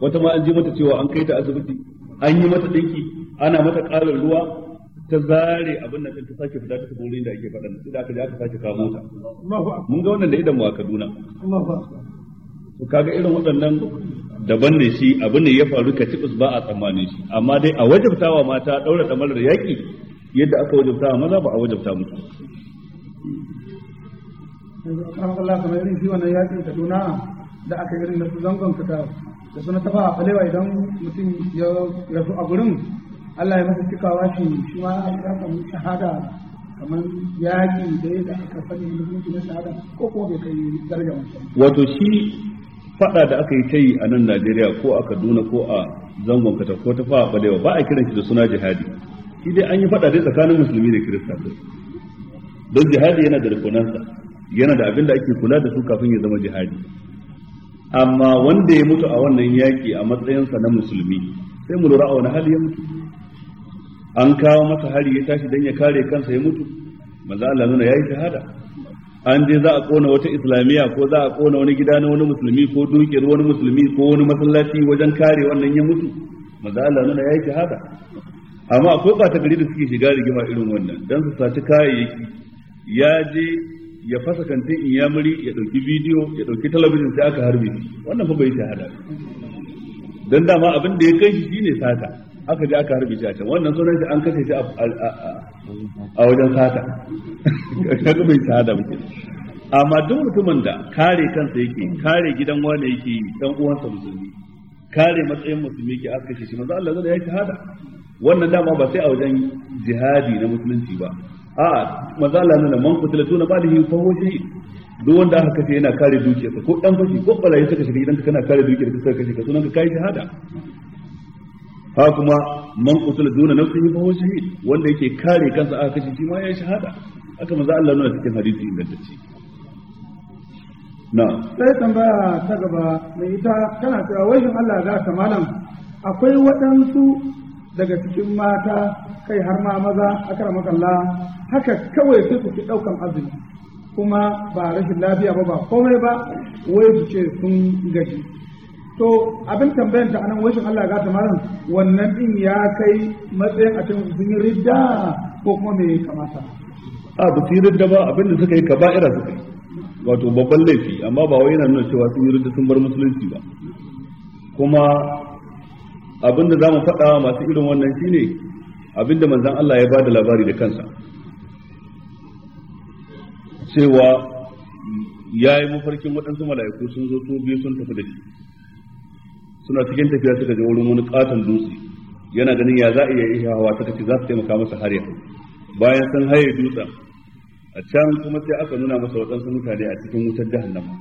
wata ma an je mata cewa an kai ta asibiti an yi mata dinki ana mata ƙarin ruwa ta zare abin nan ta sake fita ta tafi wurin da ake faɗan sai da aka je aka sake kamo ta mun ga wannan da idan mu a Kaduna to kaga irin waɗannan daban ne shi abin da ya faru ka cikus ba a tsammanin shi amma dai a wajabtawa mata daura damarar yaƙi yadda aka wajabtawa maza ba a wajabta musu yanzu akan Allah kamar irin shi wannan yaƙin Kaduna da aka irin da su zangon ka da suna tafa a falewa idan mutum ya rasu a gurin Allah ya masa cikawa shi shi ma ya samu shahada kamar yaƙi da yadda aka sani musulunci na shahada ko kuma bai kai darajar mutum. Wato shi faɗa da aka yi ta yi a nan Najeriya ko a Kaduna ko a zangon kata ko ta fawa balewa ba a kiran shi da suna jihadi. Shi dai an yi faɗa dai tsakanin musulmi da kirista Don jihadi yana da rikonansa yana da abin da ake kula da su kafin ya zama jihadi. amma wanda ya mutu a wannan yaƙi a matsayinsa na musulmi sai mu lura a wani hali ya mutu an kawo masa hari ya tashi don ya kare kansa ya mutu Maza Allah nuna yi shahada an je za a kona wata islamiyya ko za a kona wani gida na wani musulmi ko dukiyar wani musulmi ko wani masallaci wajen kare wannan ya mutu Maza Allah nuna yi shahada amma akwai ta gari da suke shiga rigima irin wannan dan su saci kayayyaki ya je ya fasa kantin inyamuri ya dauki bidiyo ya dauki talabijin sai aka harbe wannan fa bai shahada dan dama abin da ya kai shi shine sata aka je aka harbe shi a can wannan sunan shi an kashe shi a wajen sata kaga bai shahada ba amma duk mutumin da kare kansa yake kare gidan wani yake dan uwansa musulmi kare matsayin musulmi ke aka kashe shi manzo Allah zai ya shahada wannan dama ba sai a wajen jihadi na musulunci ba a mazala nuna man kutula tuna ba da hin fawo shi duk wanda aka kashe yana kare dukiyarsa ko dan fashi ko barayi suka shiga gidanka kana kare dukiyarka suka kashe ka sunan ka kai shahada ha kuma man kutila duna nafsihi fawo shi wanda yake kare kansa aka kashe shi ma ya shahada aka maza Allah nuna cikin hadisi inda ingantacce na sai tambaya ta gaba mai ita kana cewa wai Allah za ka malam akwai waɗansu daga cikin mata kai har ma maza kalla haka kawai sai su fi daukan azumi kuma ba rashin lafiya ba ba komai ba wai su ce sun gaji to abin tambayar ta anan washin Allah ga ta maran wannan din ya kai matsayin a cikin sun ridda ko kuma me kamata a ba su yi ridda ba abin da suka yi kaba'ira suka yi wato babban laifi amma ba wai yana nuna cewa sun yi ridda sun bar musulunci ba kuma abin da za mu faɗa masu irin wannan shine abinda manzan Allah ya bada labari da kansa cewa ya yi mafarkin waɗansu mala'iku sun zo su biyu sun tafi da shi suna cikin tafiya suka je wurin wani katon dutse yana ganin ya za a iya iya hawa ta kace za su taimaka masa har ya bayan sun haye dutsen a can kuma sai aka nuna masa waɗansu mutane a cikin wutar nama,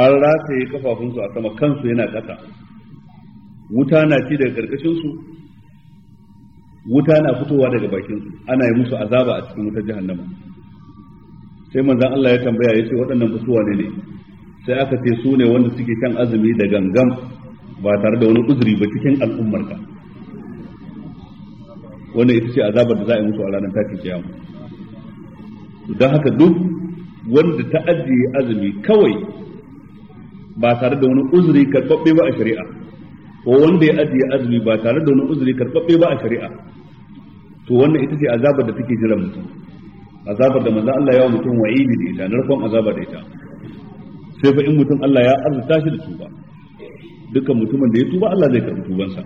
an rataye kafafunsu a sama kansu yana ƙasa wuta na ci daga karkashin su wuta na fitowa daga bakin su ana yi musu azaba a cikin wutar jahannama sai manzon Allah ya tambaya yace waɗannan musuwa ne ne sai aka ce su ne wanda suke kan azumi da gangan ba tare da wani uzuri ba cikin al'ummar ka wannan ita ce azabar da za a yi musu a ranar tashin kiyama don haka duk wanda ta ajiye azumi kawai ba tare da wani uzuri karɓaɓɓe ba a shari'a ko wanda ya ajiye azumi ba tare da wani uzuri karɓaɓɓe ba a shari'a to wannan ita ce azabar da take jiran mutum azabar da manzo Allah ya wa mutum wa'idi da ita narkon azaba da ita sai fa in mutum Allah ya arzuta shi da tuba dukkan mutumin da ya tuba Allah zai karɓi tubansa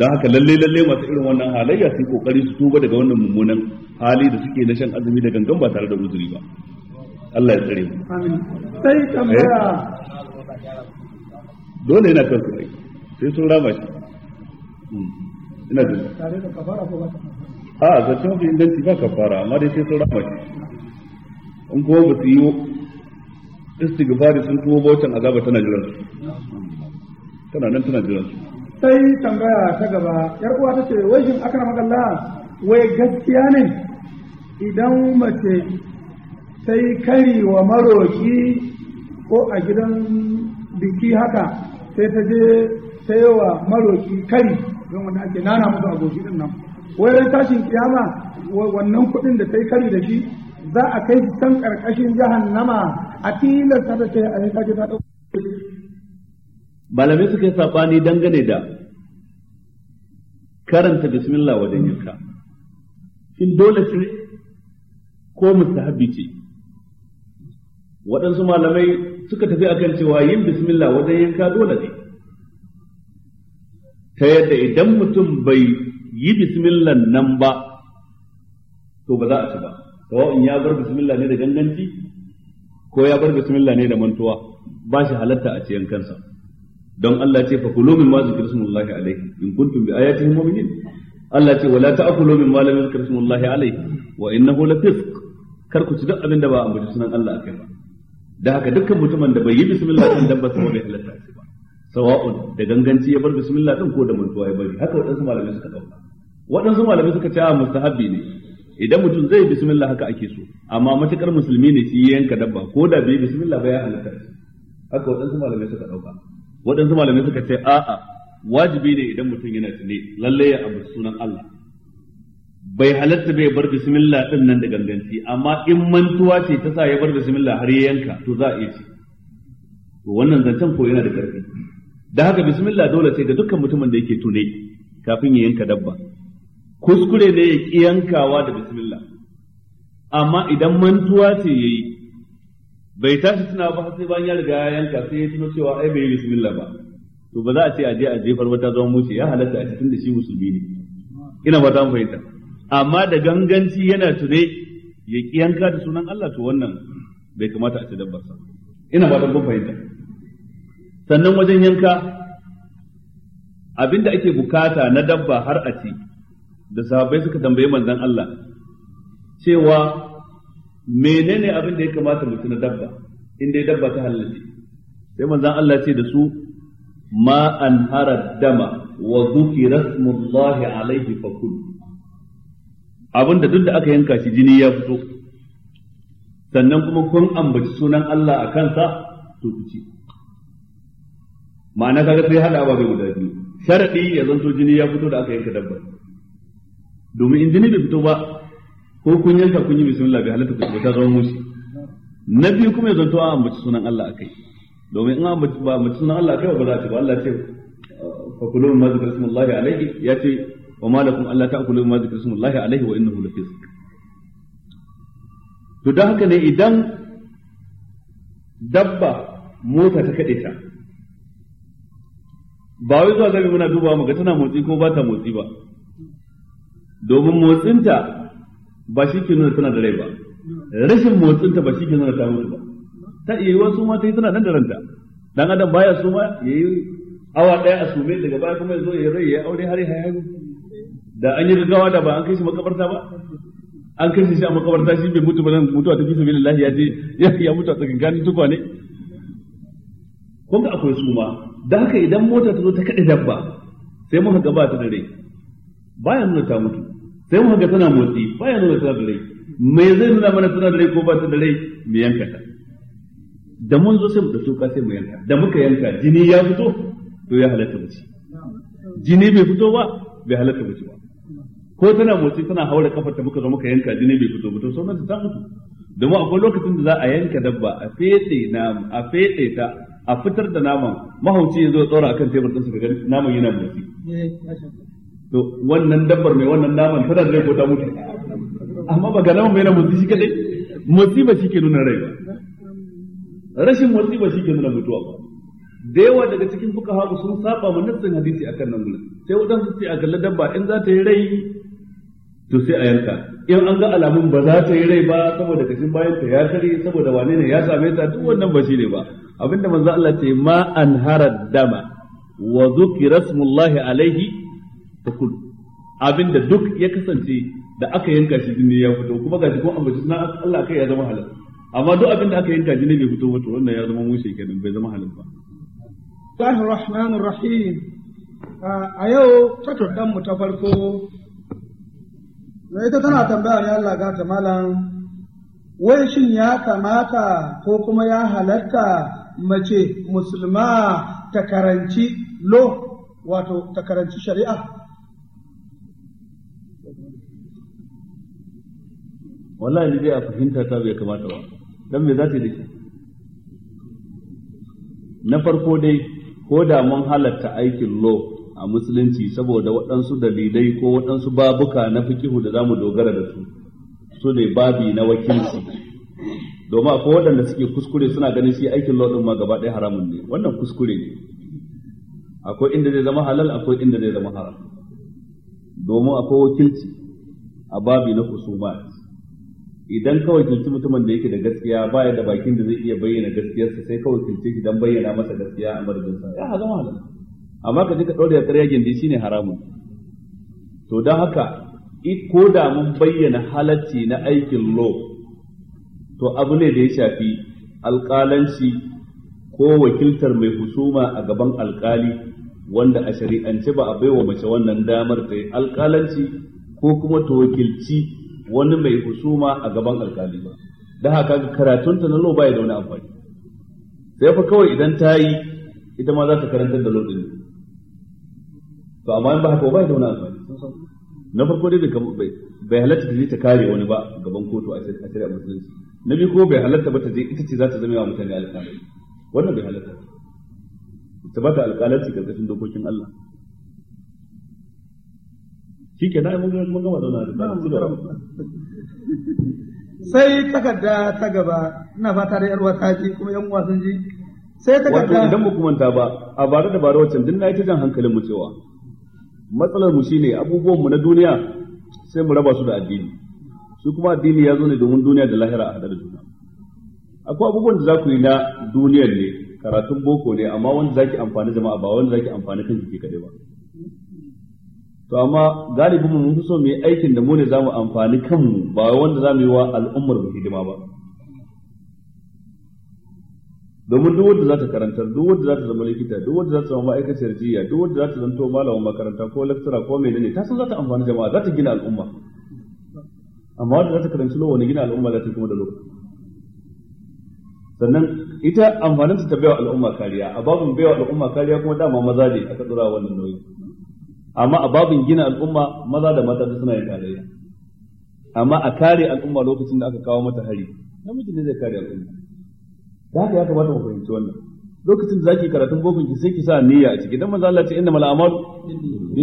don haka lalle lalle masu irin wannan halayya su kokari su tuba daga wannan mummunan hali da suke na shan azumi da gangan ba tare da uzuri ba Allah ya tsare mu amin sai tambaya eh? dole yana kan sai sai sun rama shi hmm. ina da a zancen mafi inganci ba kafara amma dai sai sun rama shi in kuma ba su yi istigbari sun tuwo bautan azaba tana jiran su tana nan tana jiran su sai tambaya ta gaba yar uwa ta ce wai shin aka maka Allah wai gaskiya ne idan mace sai kari wa maroki ko a gidan biki haka sai ta je wa maroki kari don wani ake nana musu aboki din nan wai tashin kiyama wannan kuɗin da ta yi kari da shi za a kai can ƙarƙashin jahannama a tilasta da ta yi a ta ta ɗauka malamai suka yi saɓani dangane da karanta bismillah wajen yanka shin dole ce ko mustahabi ce waɗansu malamai suka tafi akan cewa yin bismillah wajen yanka dole ne ta yadda idan mutum bai yi bismillah nan ba to ba za a ci ba sawa'un ya bar bismillah ne da ganganci ko ya bar bismillah ne da mantuwa ba shi halatta a ci yankansa don Allah ce fa kulu min ma zikra smullahi alayhi in kuntum bi ayatihi mu'minin Allah ce wala ta'kulu min ma lam yuzkar smullahi alayhi wa innahu lafisq kar ku ci duk abin da ba ambaci sunan Allah akai ba da haka dukkan mutumin da bai yi bismillah din dan ba sa bai halatta shi ba sawa'un da ganganci ya bar bismillah din ko da mantuwa ya bari haka waɗansu malamai suka dauka waɗansu malamai suka ce a mustahabbi ne idan mutum zai bismillah haka ake so amma matukar musulmi ne shi yanka dabba ko da bai bismillah ba ya halatta haka waɗansu malamai suka dauka waɗansu malamai suka ce a'a wajibi ne idan mutum yana tune lalle ya abu sunan Allah bai halatta bai bar bismillah din nan da ganganci amma in mantuwa ce ta sa ya bar bismillah har ya yanka to za a iya ci to wannan zancen ko yana da karfi da haka bismillah dole sai ga dukkan mutumin da yake tune kafin ya yanka dabba kuskure ne ya yankawa da bismillah amma idan mantuwa ce yayi bai tashi tuna ba sai bayan ya riga ya yanka sai ya tuno cewa ai bai yi bismillah ba to ba za a ce a je a jefar wata zaman muce ya halatta a cikin da shi musulmi ne ina ba za mu fahimta amma da ganganci yana tune ya yanka da sunan Allah to wannan bai kamata a ci dabbar sa ina ba kun fahimta sannan wajen yanka abinda ake bukata na dabba har a ci da sahabbai suka tambayi manzon Allah cewa menene abin da ya kamata mutum na dabba inda ya dabba ta halalce sai manzon Allah ce da su ma an dama wa zukira smullahi alaihi fakulu abin da duk da aka yanka shi jini ya fito sannan kuma kun ambaci sunan Allah a kansa to ku ma'ana kaga sai hada ababe guda biyu sharadi ya zanto jini ya fito da aka yanka dabba domin in jini bai fito ba ko kun yanka kun yi bismillah bai halatta ku ta zama mushi na biyu kuma ya zanto a ambaci sunan Allah akai domin in ambaci ba ambaci sunan Allah akai ba za a ba Allah ce fa kullu ma zikra smullahi alayhi ya ce wa malakum Allah ta'kulu ma zikra smullahi alaihi wa innahu lafisq to dan haka ne idan dabba mota ta kade ta ba wai zuwa gari muna duba muga tana motsi ko ba ta motsi ba domin motsinta ba shi ke nuna tana da rai ba rashin motsinta ba shi ke nuna ta mutu ba ta iya yiwuwa su ma ta yi tana nan da ranta dan adam baya su ma yayi awa daya a sume daga baya kuma ya zo ya rai ya aure har ya haihu da an yi gaggawa da ba an kai shi makabarta ba an kai shi a makabarta shi bai mutu ba nan mutuwa ta fi sabilillahi ya je ya mutu a tsakankanin tukwane kun ga akwai suma da haka idan mota ta zo ta kada dabba sai mun ga ba ta da rai baya nuna ta mutu sai mun ga tana motsi baya nuna ta da rai me zai nuna mana tana da rai ko ba ta da rai mu yanka ta da mun zo sai mu ɗauki ka sai mu yanka da muka yanka jini ya fito to ya halatta mu jini bai fito ba bai halatta mu ba ko tana motsi tana haura kafar ta muka zo muka yanka jini bai fito fito mun ta mutu domin akwai lokacin da za a yanka dabba a fete na a fete ta a fitar da naman mahauci ya zo tsora akan tebur ɗinsa ga naman yana motsi to wannan dabbar mai wannan naman tana da ko ta mutu amma ba ga naman mai na motsi shi kadai motsi ba shi ke nuna rai ba rashin motsi ba shi ke nuna mutuwa ba da yawa daga cikin fuka haɓu sun saba ma nassin hadisi akan nan gudun sai waɗansu ce a galla dabba in za ta yi rai to sai a yanka in an ga alamun ba za ta yi rai ba saboda kashin bayan ta ya tare saboda wane ne ya same ta duk wannan ba shine ba abinda manzo Allah ce ma an harad dama wa zukira smullahi alaihi kul abinda duk ya kasance da aka yanka shi jini ya fito kuma ga kuma ambaci na Allah kai ya zama halal amma duk abinda aka yanka jini bai fito wato wannan ya zama mushe kenan bai zama halal ba Allahu Rahmanir Rahim a yau ta mu ta farko Me ita tana tambaya ne Allah gata malam wai shin ya kamata ko kuma ya halatta mace musulma ta karanci lo wato ta karanci shari'a wallahi ni dai a fahimta ta bai kamata ba dan me za ta dake na farko dai ko da mun halatta aikin lo. a musulunci saboda waɗansu dalilai ko waɗansu babuka na fikihu da zamu dogara da su su ne babi na wakilci domin akwai waɗanda suke kuskure suna ganin shi aikin lodin ma gaba ɗaya haramun ne wannan kuskure ne akwai inda zai zama halal akwai inda zai zama haram domin akwai wakilci a babi na kusuma idan ka wakilci mutumin da yake da gaskiya baya da bakin da zai iya bayyana gaskiyarsa sai ka kilci shi bayyana masa gaskiya a sa. ya zama halal amma ka ji da ɗaure ƙarya gindi shine haramun to don haka ko da mun bayyana halacci na aikin lo, to abu ne da ya shafi alƙalanci ko wakiltar mai husuma a gaban alƙali wanda a shari'ance ba a baiwa mace wannan damar ta yi alƙalanci ko kuma ta wakilci wani mai husuma a gaban alƙali ba Don haka karatunta na lo baya da wani amfani sai fa kawai idan ta yi ita ma za ta karantar da ɗin to amma in ba haka ba da wani amfani na farko dai bai halatta da ta kare wani ba gaban kotu a shari'a musulunci na biyu ko bai halatta ba ta je ita ce za ta zama yawa mutane alƙalai wannan bai halatta ta ba ta alƙalanci karkashin dokokin Allah shi ke na mun gama wani da sai takarda ta gaba ina fata da yarwa ta ji kuma yan uwa sun ji sai takarda idan ba kumanta ba a bare da bara wacce din na yi ta jan hankalin mu cewa matsalar mu shine abubuwan mu na duniya sai mu raba su da addini su kuma addini ya zo ne domin duniya da lahira a hadar juna akwai abubuwan da za ku yi na duniyar ne karatun boko ne amma wanda za ki amfani jama'a ba wanda za ki amfani kan jiki kaɗai ba to amma galibin mu mun fi so mu yi aikin da mu ne za mu amfani kanmu ba wanda za mu yi wa al'ummar mu hidima ba domin duk wanda za ta karantar duk wanda za ta zama likita duk wanda za ta zama ma'aikaciyar jiya duk wanda za ta zanto malamin makaranta ko lecturer ko menene ta san za ta amfani jama'a za ta gina al'umma amma wanda za ta karanci lawa wani gina al'umma za ta kuma da lokaci sannan ita amfanin ta baiwa al'umma kariya a babin baiwa al'umma kariya kuma dama maza ne aka tsura wannan nauyi amma a babin gina al'umma maza da mata suna yin tarayya amma a kare al'umma lokacin da aka kawo mata hari namiji ne zai kare al'umma da haka ya kamata mu fahimci wannan lokacin da zaki karatun bokon ki sai ki sa niyya a ciki dan manzo Allah ya ce innamal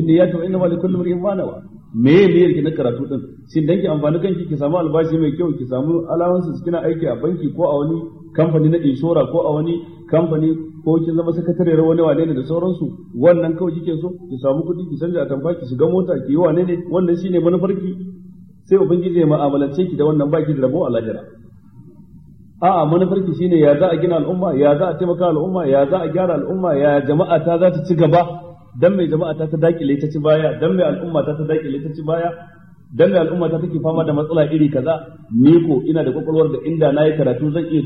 ya ce wa innamal likulli imrin ma nawa me niyyar ki na karatu din shin dan ki amfani kanki ki samu albashi mai kyau ki samu alawansu kina aiki a banki ko a wani kamfani na inshora ko a wani kamfani ko ki zama sakatariyar wani wane ne da sauransu wannan kawai kike so ki samu kuɗi ki canja atamfa ki shiga mota ki yi wane ne wannan shine manufarki sai ubangiji ya mu'amalance ki da wannan baki da rabo a lahira a'a manufar shine ya za a gina al'umma ya za a taimaka al'umma ya za a gyara al'umma ya jama'a ta za ta ci gaba dan mai jama'a ta ta dakile ta ci baya dan mai al'umma ta ta dakile ta ci baya dan mai al'umma ta take fama da matsala iri kaza ni ko ina da kwakwalwar da inda nayi karatu zan iya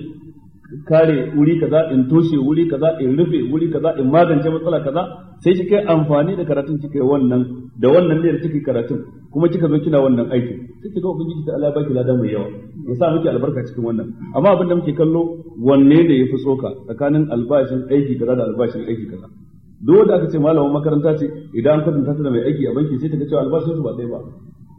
kare wuri kaza in toshe wuri kaza in rufe wuri kaza in magance matsala kaza sai shi kai amfani da karatun kika wannan da wannan ne da kika karatun kuma kika zo kina wannan aiki sai kika ubangi ta Allah baki lada mai yawa ya sa miki albarka cikin wannan amma abin da muke kallo wanne ne yafi tsoka tsakanin albashin aiki kaza da albashin aiki kaza Dole da aka ce malamin makaranta ce idan an kwatanta da mai aiki a banki sai ta ga albashin su ba ɗaya ba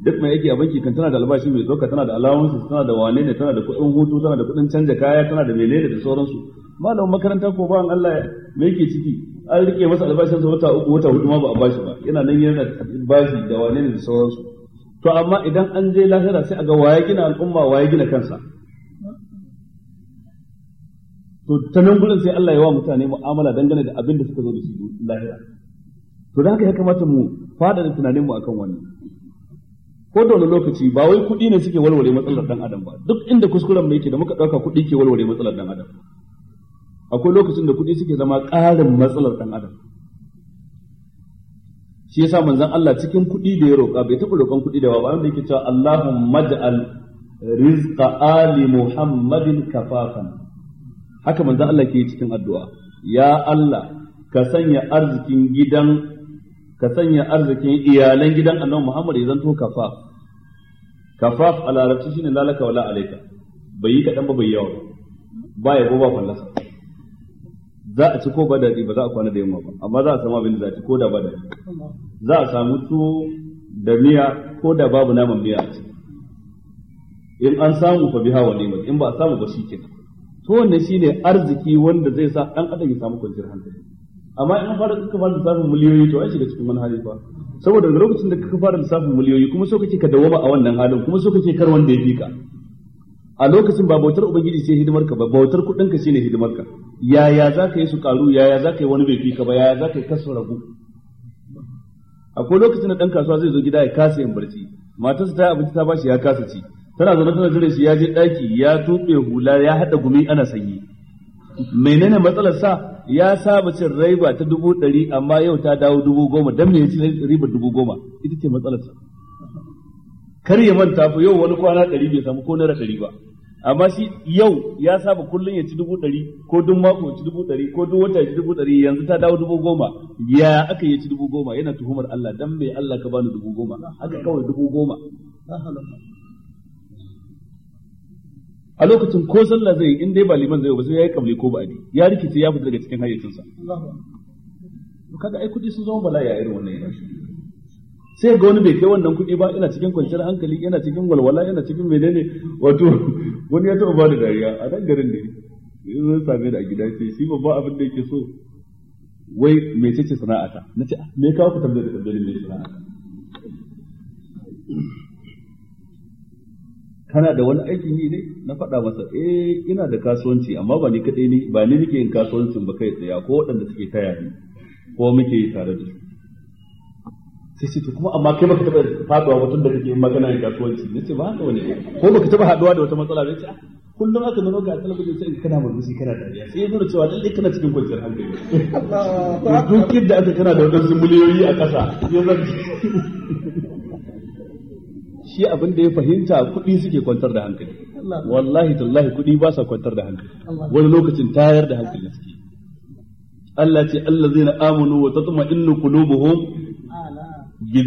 duk mai yake a banki kan tana da albashi mai tsoka tana da allowance tana da wane ne tana da kuɗin hutu tana da kuɗin canja kaya tana da menene da sauransu malamin makaranta ko bawan Allah me yake ciki an rike masa albashin sa wata uku wata hudu ma ba a bashi ba yana nan yana bashi da wane ne da sauransu to amma idan an je lahira sai a ga waye gina al'umma waye gina kansa to ta nan gurin sai Allah ya wa mutane mu'amala dangane da abin da suka zo da shi lahira to da haka ya kamata mu fada da tunanin mu akan wannan ko da wani lokaci ba wai kuɗi ne suke walwale matsalar dan adam ba duk inda kuskuren mai yake da muka ɗauka kuɗi ke walwale matsalar dan adam akwai lokacin da kuɗi suke zama ƙarin matsalar dan adam shi yasa manzon Allah cikin kuɗi da ya roƙa bai taɓa roƙon kuɗi da ba wanda yake cewa Allahumma ja'al rizqa ali muhammadin kafafan haka manzon Allah ke cikin addu'a ya Allah ka sanya arzikin gidan ka sanya arzikin iyalan gidan annabi Muhammad ya zanto kafafa kafaf a larabci shine lalaka wala alaika bai yi kaɗan ba bai yawa ba ya ba kullasa za a ci ko ba daɗi ba za a kwana da yamma ba amma za a samu abin da za a ci ko da ba daɗi za a samu tuwo da miya ko da babu naman miya a in an samu fa biha wa ni'mat in ba a samu ba shi kenan to wannan shine arziki wanda zai sa dan adam ya samu kwanciyar hankali amma in fara suka fara samun miliyoyi to ai shiga cikin manhaji fa saboda daga lokacin da ka fara lissafin miliyoyi kuma so kake ka dawoma a wannan halin kuma so kake kar wanda ya fi a lokacin ba bautar ubangiji sai hidimar ka ba bautar kudin ka shine hidimar ka yaya za ka yi su karu yaya za ka yi wani bai fi ba yaya za ka yi kasu ragu akwai lokacin da dan kasuwa zai zo gida ya kasa yin barci matarsa ta abinci ta bashi ya kasa ci tana zaune tana jira shi ya je daki ya tuɓe hula ya haɗa gumi ana sanyi menene matsalar sa ya saba cin riba ta dubu ɗari amma yau ta dawo dubu goma dan me ya ci riba dubu goma ita ce matsalar sa kar ya manta fa yau wani kwana ɗari bai samu ko naira ɗari ba amma shi yau ya saba kullum ya ci dubu ɗari ko duk mako ya ci dubu ɗari ko duk wata ya ci dubu ɗari yanzu ta dawo dubu goma ya aka yi ci dubu goma yana tuhumar Allah dan me Allah ka bani dubu goma haka kawai dubu goma a lokacin ko sallah zai in dai ba liman zai ba sai yayi kamle ko ne ya rikice ya fita daga cikin hayyacinsa kaga ai kudi sun zama bala'i a irin wannan yana sai ga wani bai kai wannan kudi ba ina cikin kwanciyar hankali ina cikin walwala ina cikin menene wato wani ya taba ba da dariya a nan garin ne zai same da a gida ce shi babban abin da yake so wai mecece sana'ata na ce ah, me kawo ku tambayar da tambayar mai sana'ata kana da wani aikin yi ne na faɗa masa eh ina da kasuwanci amma ba ni kaɗai ne ba ni nake yin kasuwancin ba kai tsaya ko waɗanda suke taya ni ko muke yi tare da su sai sai kuma amma kai baka taɓa faɗuwa mutum da kake yin magana yin kasuwanci ne ce ba haka wani ko baka taɓa haɗuwa da wata matsala ba ce ah, kullum aka nuna ga a talabijin sai kana murmushi kana dariya sai ya nuna cewa lallai kana cikin kwanciyar hankali duk yadda aka kana da wadansu miliyoyi a ƙasa shi abin da ya fahimta kuɗi suke kwantar da hankali wallahi tallahi kuɗi ba sa kwantar da hankali wani lokacin tayar da hankali suke Allah ce allazina amanu wa tatma'innu qulubuhum bi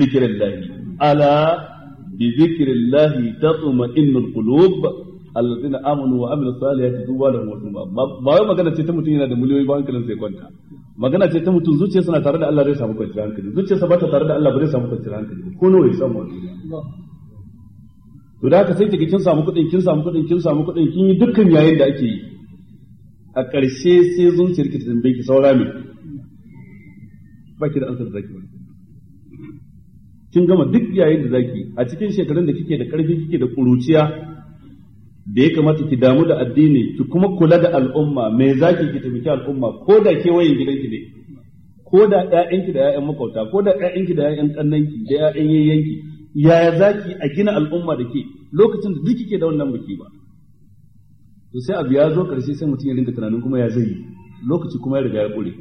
ala bi dhikrillah tatma'innul qulub allazina wa ba wai magana ce ta mutum yana da miliyoyi ba hankalin sai kwanta magana ce ta mutum zuciya suna tare da Allah zai samu kwanciyar hankali zuciya sa ba ta tare da Allah ba zai samu kwanciyar hankali ko nawa ya samu to da haka sai kiga kin samu kuɗin kin samu kuɗin kin samu kuɗin kin yi dukkan yayin da ake yi a ƙarshe sai zuciyar rikita tambaye ki saura me ba ki da ansar da zaki ba kin gama duk yayin da zaki a cikin shekarun da kike da ƙarfi kike da ƙuruciya da ya kamata ki damu da addini ki kuma kula da al'umma me zaki ki tafi al'umma ko da kewayen gidanki ne ko da ƴaƴanki da ƴaƴan makauta ko da ƴaƴanki da ƴaƴan kannanki da ƴaƴan yayyanki yaya zaki a gina al'umma da ke lokacin da duk kike da wannan baki ba to sai abu ya zo karshe sai mutum ya rinka tunanin kuma ya zai lokaci kuma ya riga ya kure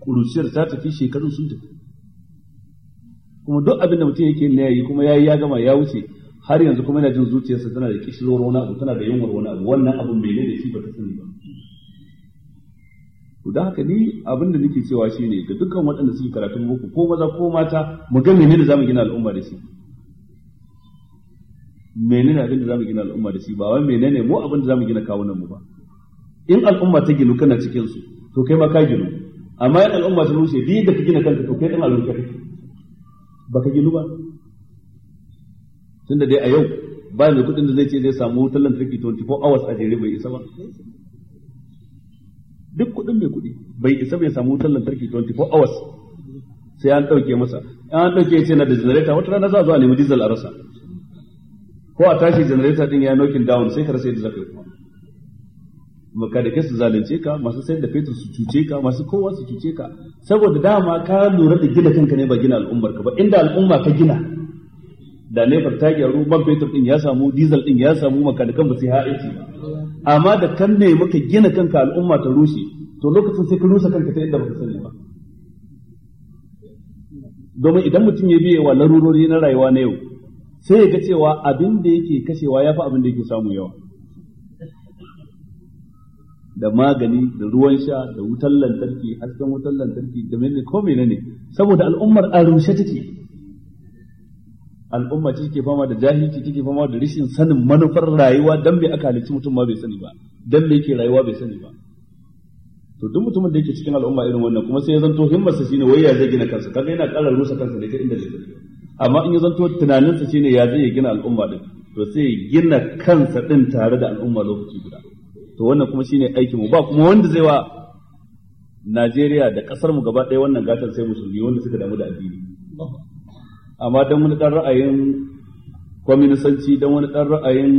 kuruciyar ta tafi shekarun sun tafi kuma duk abin da mutum yake ne yayi kuma yayi ya gama ya wuce har yanzu kuma yana jin zuciyarsa tana da kishirwar wani abu tana da yunwar wani abu wannan abun bai ne da shi ba ta sani ba to da haka ni abin da nake cewa shine ga dukkan waɗanda suke karatun boko ko maza ko mata mu ga menene zamu gina al'umma da shi menene abin da zamu gina al'umma da shi ba wai menene mu abin da zamu gina kawunan mu ba in al'umma ta ginu kana cikin su to kai ma ka ginu amma in al'umma ta rushe bi da ka gina kanka to kai din al'umma ka baka ginu ba tunda dai a yau ba mai kudin da zai ce zai samu wutar lantarki 24 hours a jere bai isa ba duk kudin mai kudi bai isa bai samu wutar lantarki 24 hours sai an dauke masa an dauke ce na da generator wata rana za a zo a nemi diesel a rasa ko a tashi generator din ya nokin down sai ka rasa yadda zaka yi kuma makadake su zalunce ka masu sayar da fetur su cuce ka masu kowa su cuce ka saboda dama ka lura da gina kanka ne ba gina al'ummar ka ba inda al'umma ka gina da nefar ta gyaru man fetur din ya samu diesel din ya samu maka da kan ba su ha'inci amma da kan ne maka gina kanka al'umma ta rushe to lokacin sai ka rusa kanka ta inda baka sani ba domin idan mutum ya biye wa larurori na rayuwa na yau sai ya ga cewa abin da yake kashewa ya fi abin da yake samu yawa da magani da ruwan sha da wutar lantarki hasken wutar lantarki da mene ko mene ne saboda al'ummar a rushe take al'umma ce take fama da jahilci take fama da rashin sanin manufar rayuwa dan bai aka halicci mutum ma bai sani ba dan me yake rayuwa bai sani ba to duk mutumin da yake cikin al'umma irin wannan kuma sai ya zanto himmarsa shine wai ya zai gina kansa kaga yana ƙara rusa kansa da inda zai amma in ya zanto tunaninsa shi ne ya zai gina al'umma din to sai gina kansa din tare da al'umma lokaci guda to wannan kuma shine aikin mu ba kuma wanda zai wa Najeriya da kasar mu gaba ɗaya wannan gatan sai musulmi wanda suka damu da addini amma dan wani dan ra'ayin kwaminisanci dan wani dan ra'ayin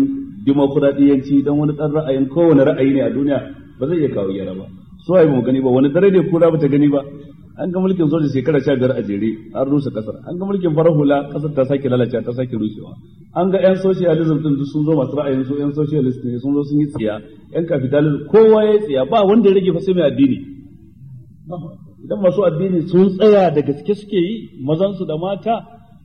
dimokuraɗiyanci dan wani dan ra'ayin kowane ra'ayi ne a duniya ba zai iya kawo gyara ba so mu gani ba wani dare ne kura ba ta gani ba an ga mulkin soja shekara sha biyar a jere an rusa kasar an ga mulkin farar hula kasar ta sake lalacewa ta sake rushewa an ga yan socialism din sun zo masu ra'ayin su yan socialist ne sun zo sun yi tsiya yan capitalism kowa ya yi tsiya ba wanda ya rage fa sai mai addini idan masu addini sun tsaya da gaske suke yi mazan su da mata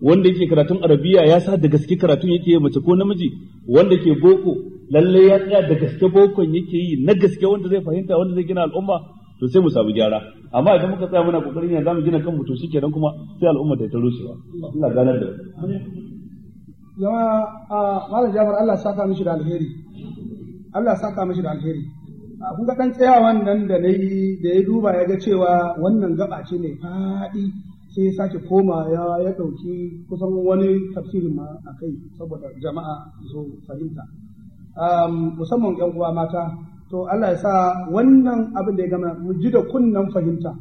wanda yake karatun arabiya ya sa da gaske karatun yake yi mace ko namiji wanda ke boko lalle ya tsaya da gaske bokon yake yi na gaske wanda zai fahimta wanda zai gina al'umma to sai mu samu gyara amma idan muka tsaya muna kokarin ya zamu gina kanmu to shikenan kuma sai al'umma ta ta rushewa Allah ganar da jama'a a malam Jafar Allah saka mishi da alheri Allah saka mishi da alheri kun ga dan tsayawan nan da nayi da ya duba ya ga cewa wannan gaba ce mai fadi sai ya sake koma ya ya dauki kusan wani tafsirin ma akai saboda jama'a zo fahimta musamman yan uwa mata to Allah ya sa wannan abin da ya gama mu ji da kunnan fahimta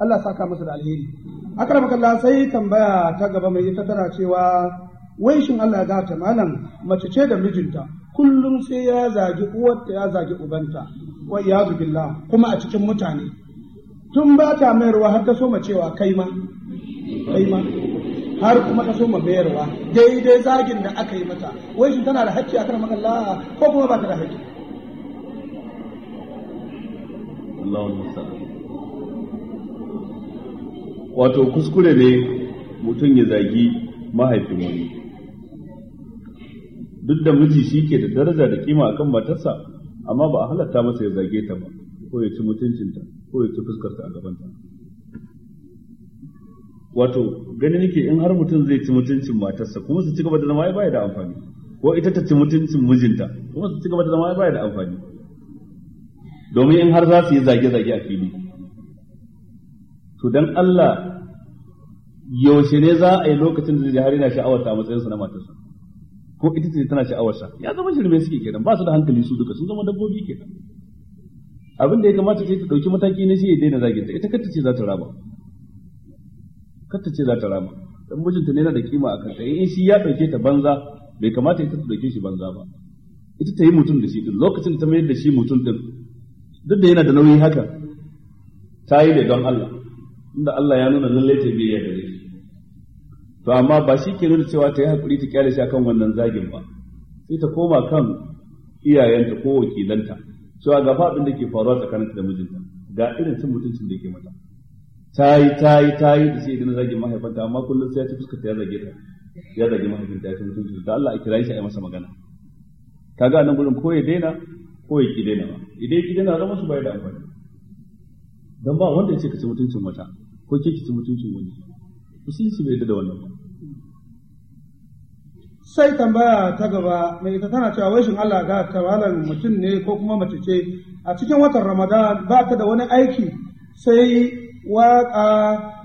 Allah ya saka masa da alheri akramaka Allah sai tambaya ta gaba mai ita tana cewa wai shin Allah ya gata malam mace ce da mijinta kullum sai ya zagi uwarta ya zagi ubanta wa ya billah kuma a cikin mutane tun ba ta mayarwa har ta soma cewa kai ma kai ma har kuma ta soma mayarwa daidai zagin da aka yi mata wai shin tana da hakki akan makalla ko kuma ba ta da hakki wato kuskure ne mutum ya zagi mahaifin wani duk da miji shi ke da daraja da kima akan matarsa amma ba a halatta masa ya zage ta ba ko ya ci mutuncinta ko ya ci fuskarta a gabanta wato gani nake in har mutum zai ci mutuncin matarsa kuma su ci gaba da zama ya baya da amfani ko ita ta ci mutuncin mijinta kuma su ci gaba da zama ya baya da amfani domin in har za su yi zage-zage a fili to dan Allah yaushe ne za a yi lokacin da jihar yana sha'awarta a matsayinsa na matarsa ko ita ce tana sha'awarsa ya zama shirme suke kenan ba su da hankali su duka sun zama dabbobi kenan abin da ya kamata ce ta dauki mataki ne shi ya daina zage ta ita kanta ce za ta rama kanta ce za ta rama dan mijinta ne yana da kima a kanta in shi ya dauke ta banza bai kamata ita ta dauke shi banza ba ita ta yi mutum da shi din lokacin da ta mayar da shi mutum din duk da yana da nauyi haka ta yi da don Allah inda Allah ya nuna lalle ta biya da shi to amma ba shi ke nuna cewa ta yi hakuri ta kyale shi akan wannan zagin ba sai ta koma kan iyayenta ko wakilanta cewa ga faɗin da ke faruwa tsakaninta da mijinta ga irin cin mutuncin da yake mata ta yi ta yi ta yi da sai idan zagin mahaifanta amma kullum sai ya ci fuskar ya zage ta ya zage mahaifinta ya ci mutuncin da Allah a kira shi a yi masa magana kaga nan gurin ko ya daina ko ya ki daina ba idan ki daina zama su bai da amfani dan ba wanda ya ce ka ci mutuncin wata ko ke ki ci mutuncin wani musulunci bai da wannan ba sai tambaya ta gaba mai ita tana cewa wai shin Allah ga tawalan mutum ne ko kuma mace ce a cikin watan Ramadan ba ta da wani aiki sai waka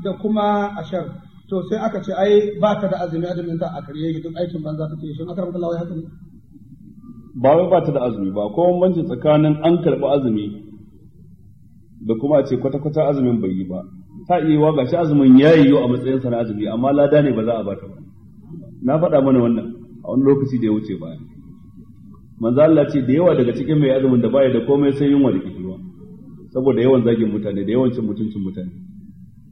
da kuma ashar to sai aka ce ai ba ta da azumi azumin ta a kare duk aikin banza take shin aka rabu Allah wai haka ne ba wai ba ta da azumi ba ko bambanci tsakanin an karɓi azumi da kuma a ce kwata-kwata azumin bai yi ba ta iya wa gashi azumin ya yi a matsayin sa azumi amma lada ne ba za a ba ta ba na faɗa mana wannan a wani lokaci da ya wuce ba manzo Allah ce da yawa daga cikin mai azumin da baya da komai sai yunwa da kishirwa saboda yawan zagin mutane da yawan mutuncin mutane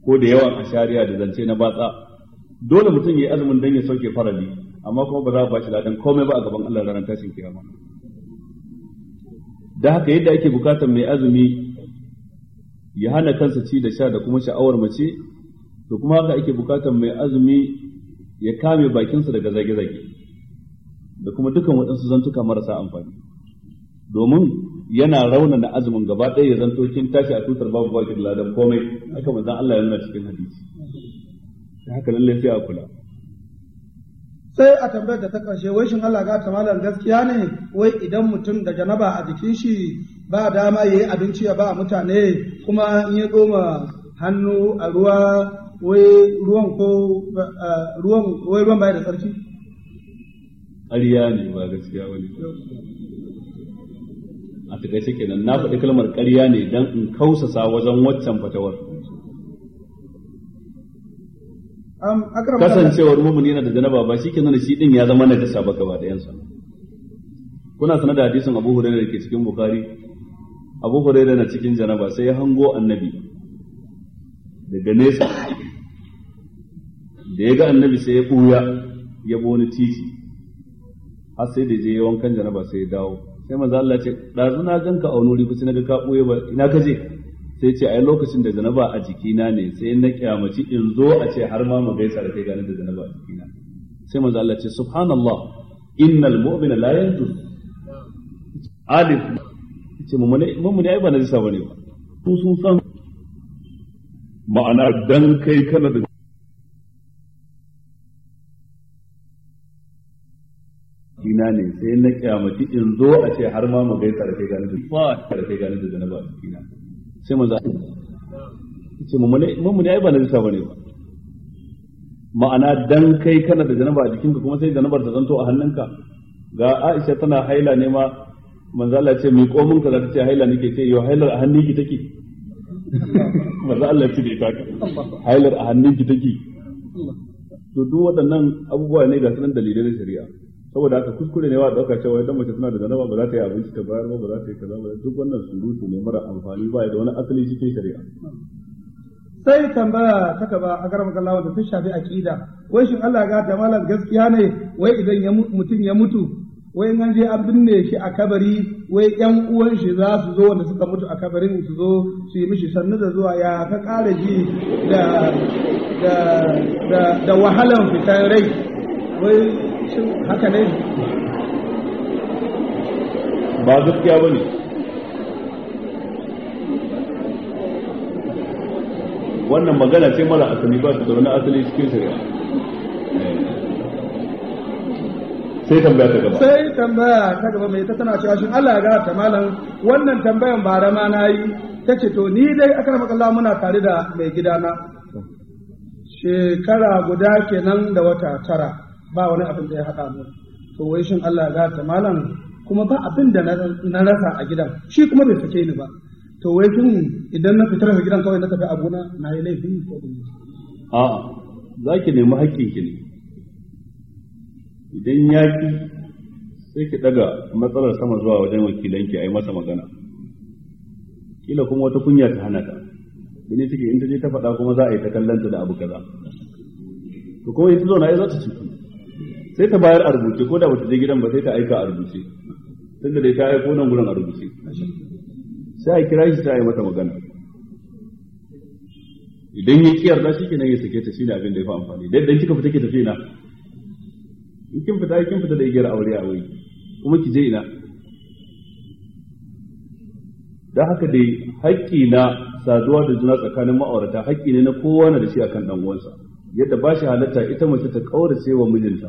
ko da yawan ashariya da zance na batsa dole mutum ya yi azumin don ya sauke farali amma kuma ba za a bashi ladan komai ba a gaban Allah ranar tashin kiyama da haka yadda ake bukatar mai azumi ya hana kansa ci da sha da kuma sha'awar mace to kuma haka ake bukatar mai azumi ya kame bakinsa daga zage-zage da kuma dukan waɗansu zantuka marasa amfani domin yana raunana azumin gaba ɗaya ya zanto kin tashi a tutar babu bakin ladan komai haka manzon Allah ya nuna cikin hadisi haka lallai sai a kula sai a tambayar da ta ƙarshe wai shin Allah ga malam gaskiya ne wai idan mutum da janaba a jikin shi ba dama yayi abinci ya ba mutane kuma in ya doma hannu a ruwa wai ruwan ko ruwan wai ruwan bai da tsarki ƙarya ne ba gaskiya wani a takaice kenan na faɗi kalmar ƙarya ne don in kausasa wajen waccan fatawar kasancewar mumuni yana da janaba ba shi kenan shi din ya zama na najasa ba gaba da yansa kuna sanar da hadisin Abu Hurairah da ke cikin Bukhari Abu Hurairah na cikin janaba sai ya hango annabi daga nesa da ya ga annabi sai ya buya ya bi wani titi har sai da je ya wankan janaba sai ya dawo sai manzo Allah ce ɗazu na ganka a wani wuri kusa na ga ka buye ba ina ka je sai ce ai lokacin da zanaba a jikina ne sai na kyamaci in zo a ce har ma mu gaisa da kai gane da zanaba a jikina sai manzo Allah ce subhanallah innal mu'mina la yanjus alif ce mu ne mu ne ai ba na lissa bane ba su sun san ma'ana dan kai kana da jikina ne sai na kyamaci in zo a ce har ma mu gaisa da kai gane da zanaba a jikina sai manzo ce mummune ai ba na bane ba ma'ana dan kai kana da janaba a jikinka kuma sai janabar ta zanto a hannunka ga Aisha tana haila ne ma manzo Allah ce mi komin ka za ta ce haila nake ce yo hailar a hannunki take manzo Allah ce da ita hailar a hannunki take to duk waɗannan abubuwa ne ga sunan dalilai na shari'a saboda haka kuskure ne wa dauka cewa idan mace tana da zanaba ba za ta yi abinci ta bayar ba za ta yi kaza ba duk wannan surutu ne mara amfani ba da wani asali cikin shari'a sai tambaya ta gaba a garba kallon da ta shafi aqida wai shin Allah ga ta malam gaskiya ne wai idan mutum ya mutu wai in an je an binne shi a kabari wai yan uwan shi za su zo wanda suka mutu a kabarin su zo su yi mishi sannu da zuwa ya ka kara ji da da da wahalan fitan rai wai shin haka ne ba gaskiya ba ne wannan magana ce mara asali ba ta da wani asali cikin shari'a sai tambaya ta gaba sai tambaya ta gaba mai ta tana cewa shin Allah ya ga ta malam wannan tambayan ba rama na yi tace to ni dai aka akar makalla muna tare da mai gidana shekara guda kenan da wata tara ba wani abin da ya haɗa mu to wai shin Allah ya ta malam kuma ba abin da na rasa a gidan shi kuma bai sake ni ba to wai shin idan na fitar da gidan kawai na tafi abuna na yi laifi ko ban a'a za ki nemi hakkin ki ne idan ya ki sai ki daga matsalar sama zuwa wajen wakilan a yi masa magana kila kuma wata kunya ta hana ta da take in ta je ta faɗa kuma za a yi ta kallanta da abu kaza to kuma ita zo na yi za ta ciki sai ta bayar a rubuce ko da bata je gidan ba sai ta aika a rubuce tunda dai ta aiko nan gurin a rubuce sai a kira shi sai a yi mata magana idan ya kiyar da shi nan ya sake ta shine abin da ya fi amfani dan dan kika fita ke tafi na in kin fita kin fita da igiyar aure a wai kuma ki je ina da haka dai haƙƙi na saduwa da juna tsakanin ma'aurata haƙƙi ne na kowa na da shi akan dan uwansa yadda ba shi halatta ita mace ta kaurace wa mijinta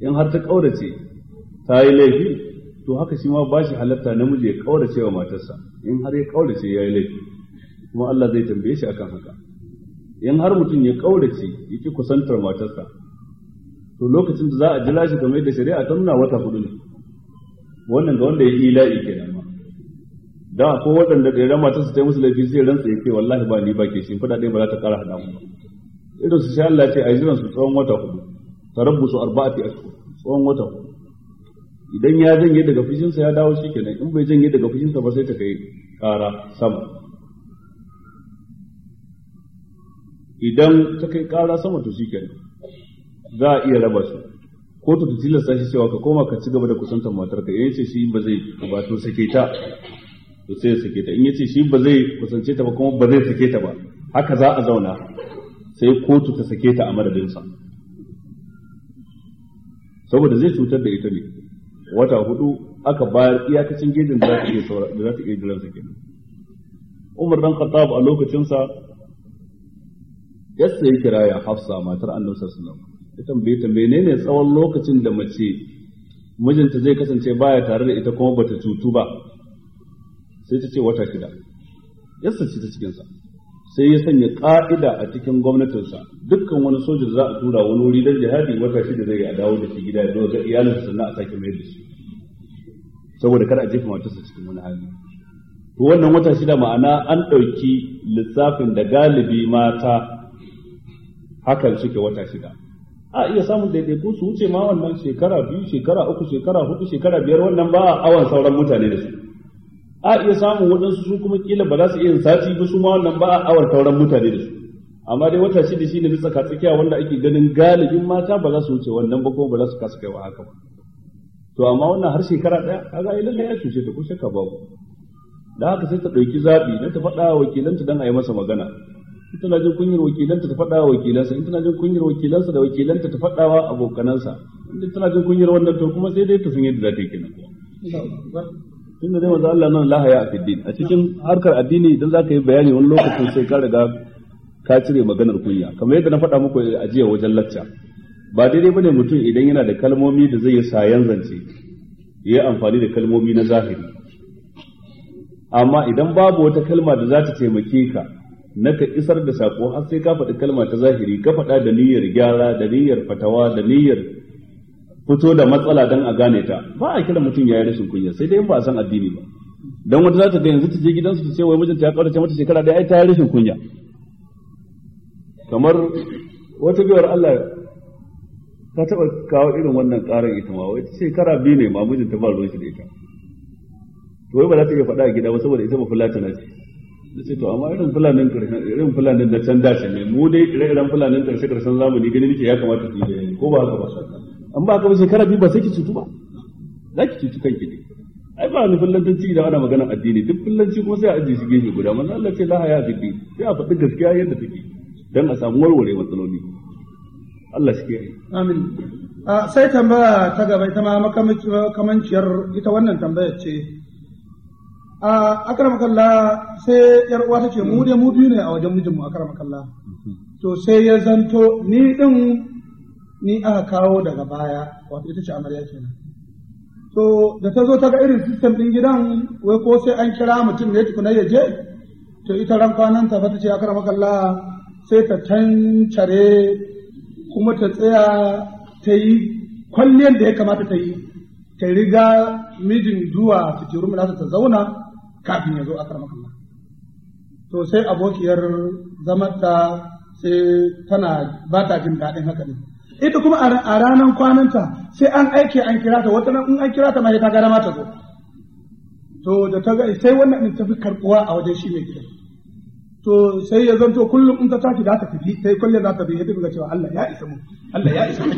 in har ta kaurace ta yi laifi to haka shi ma ba shi halatta namiji ya kaurace wa matarsa in har ya kaurace ya yi laifi kuma Allah zai tambaye shi akan haka in har mutum ya kaurace ya ki kusantar matarsa to lokacin da za a jira shi kamar yadda shari'a ta nuna wata hudu ne wannan ga wanda ya yi la'i kenan ma da ko waɗanda da ya matarsa ta yi musu laifi sai rantsa ya ce wallahi ba ni ba ke shi fada ɗaya ba za ta ƙara hadamu mu irin su sha Allah ce a jiran su tsawon wata hudu tarabbusu arba'ati ashhur tsawon wata idan ya janye daga fushinsa ya dawo shikenan in bai janye daga fushinsa ba sai ta kai kara sama idan ta kai kara sama to shikenan za a iya raba su ko ta tilasta shi cewa ka koma ka ci gaba da kusantar matarka ka ce shi ba zai ba to sake ta to sai ya sake ta in yace shi ba zai kusance ta ba kuma ba zai sake ta ba haka za a zauna sai kotu ta sake ta a madadinsa saboda zai cutar da ita ne wata hudu aka bayar iyakacin gejin da za ta iya saura da ta iya jiran Umar dan Khattab a lokacinsa. sa ya kiraya Hafsa matar Annabi sallallahu alaihi wasallam ya tambaye ta menene tsawon lokacin da mace mijinta zai kasance baya tare da ita kuma bata cutu ba sai ta ce wata shida yassa ce ta cikin sai ya sanya ka'ida a cikin gwamnatinsa dukkan wani soja za a tura wani wuri don jihadi wata shi da zai a dawo da shi gida ya zai ga iyalinsa sannan a sake mai da shi saboda kada a jefa matarsa cikin wani hali to wannan wata shida ma'ana an ɗauki lissafin da galibi mata hakan suke wata shida a iya samun daidaiku su wuce ma wannan shekara biyu shekara uku shekara hudu shekara biyar wannan ba a awon sauran mutane da su a iya samun waɗansu su kuma kila ba za su iya yin sati ba su ma wannan ba a awar tauran mutane da su amma dai wata shida shine na tsaka tsakiya wanda ake ganin galibin mata ba za su wuce wannan ba ko ba za su kasa kaiwa haka ba to amma wannan har shekara ɗaya kaga ai lalle ya cuce ta ko shakka babu da haka sai ta ɗauki zaɓi na ta faɗa wakilanta don a yi masa magana in tana jin kunyar wakilanta ta faɗa wa wakilansa in tana jin kunyar wakilansa da wakilanta ta faɗa wa abokanansa in tana jin kunyar wannan to kuma sai dai ta san yadda za ta yi kenan tunda dai manzo Allah nan lahaya a fiddin a cikin harkar addini idan za ka yi bayani wani lokacin sai ka riga ka cire maganar kunya kamar yadda na faɗa muku a jiya wajen lacca ba daidai bane mutum idan yana da kalmomi da zai yi sayan zance ya amfani da kalmomi na zahiri amma idan babu wata kalma da za ta taimake ka na ka isar da sako har sai ka faɗi kalma ta zahiri ka faɗa da niyyar gyara da niyyar fatawa da niyyar fito da matsala don a gane ta ba a kira mutum ya yi rashin kunya sai dai ba a san addini ba don wata za ta da yanzu ta je gidansu ta ce wai ta ya kaurace mata shekara da ai ta yi rashin kunya kamar wata biyar Allah ta taba kawo irin wannan karin ita ma wai shekara biyu ne ma mijinta ba ruwan shi da ita to wai ba za ta iya faɗa a gida ba saboda ita ba na ce da ce to amma irin fulanin karshen irin fulanin da can dace ne mu dai ire-iren fulanin karshe karshen zamani gani nake ya kamata su yi da ko ba haka ba an ba ka ba shekara biyu ba sai ki cutu ba za ki cutu kanki ne ai ba ni fullantanci idan ana magana addini duk fullanci kuma sai a ajiye shi gefe guda manzo Allah ce la haya biddi sai a faɗi gaskiya yadda take dan a samu warware matsaloli Allah shi ke amin sai tambaya ta gaba ita ma makamanciyar ita wannan tambaya ce a kallah sai yar uwa tace ce mu dai mu biyu ne a wajen mijin mu mijinmu kallah mm-hmm. to sai ya zanto ni din ni aka kawo daga baya wato ita ce amarya kenan to da ta zo ta ga irin sistem din gidan wai ko sai an kira mutum ne tukuna ya je to ita ran kwanan ta ta ce ya karama Allah sai ta tantare kuma ta tsaya ta yi kwalliyar da ya kamata ta yi ta riga mijin zuwa fitiru mulata ta zauna kafin ya zo a karama kalla to sai abokiyar zamanta sai tana ba ta jin daɗin haka ne ita kuma a ranar kwananta sai an aike an kira ta wata in an kira ta mai ta gara mata ta zo to da ta ga sai wannan din tafi karbuwa a wajen shi mai gida to sai ya zanto kullum in ta tafi za ta fi, sai kullum za ta bi ya dinga cewa Allah ya isa mu Allah ya isa mu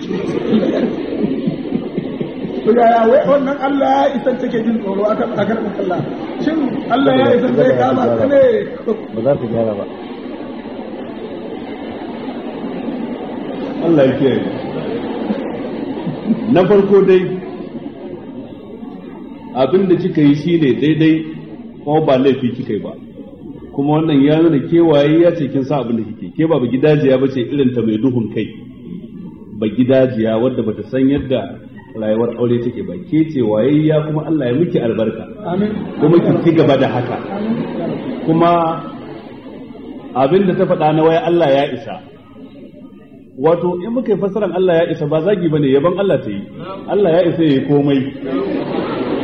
to ya wai wannan Allah ya isa take jin tsoro akan akan Allah shin Allah ya isa zai kama ka ne ba za ta gyara ba Allah ya kiyaye na farko dai abin da kika yi shine daidai kuma ba laifi kika yi ba kuma wannan ya nuna kewaye ya ce kin sa abin da kike ke ba dajiya ba ce irin ta mai duhun kai ba gidajiya wadda bata san yadda rayuwar aure take ba ke ce waye ya kuma Allah ya miki albarka kuma ki ci gaba da haka kuma abin da ta faɗa na waya Allah ya isa wato in muka yi fassarar Allah ya isa ba zagi ba ne yaban Allah ta yi Allah ya isa yi komai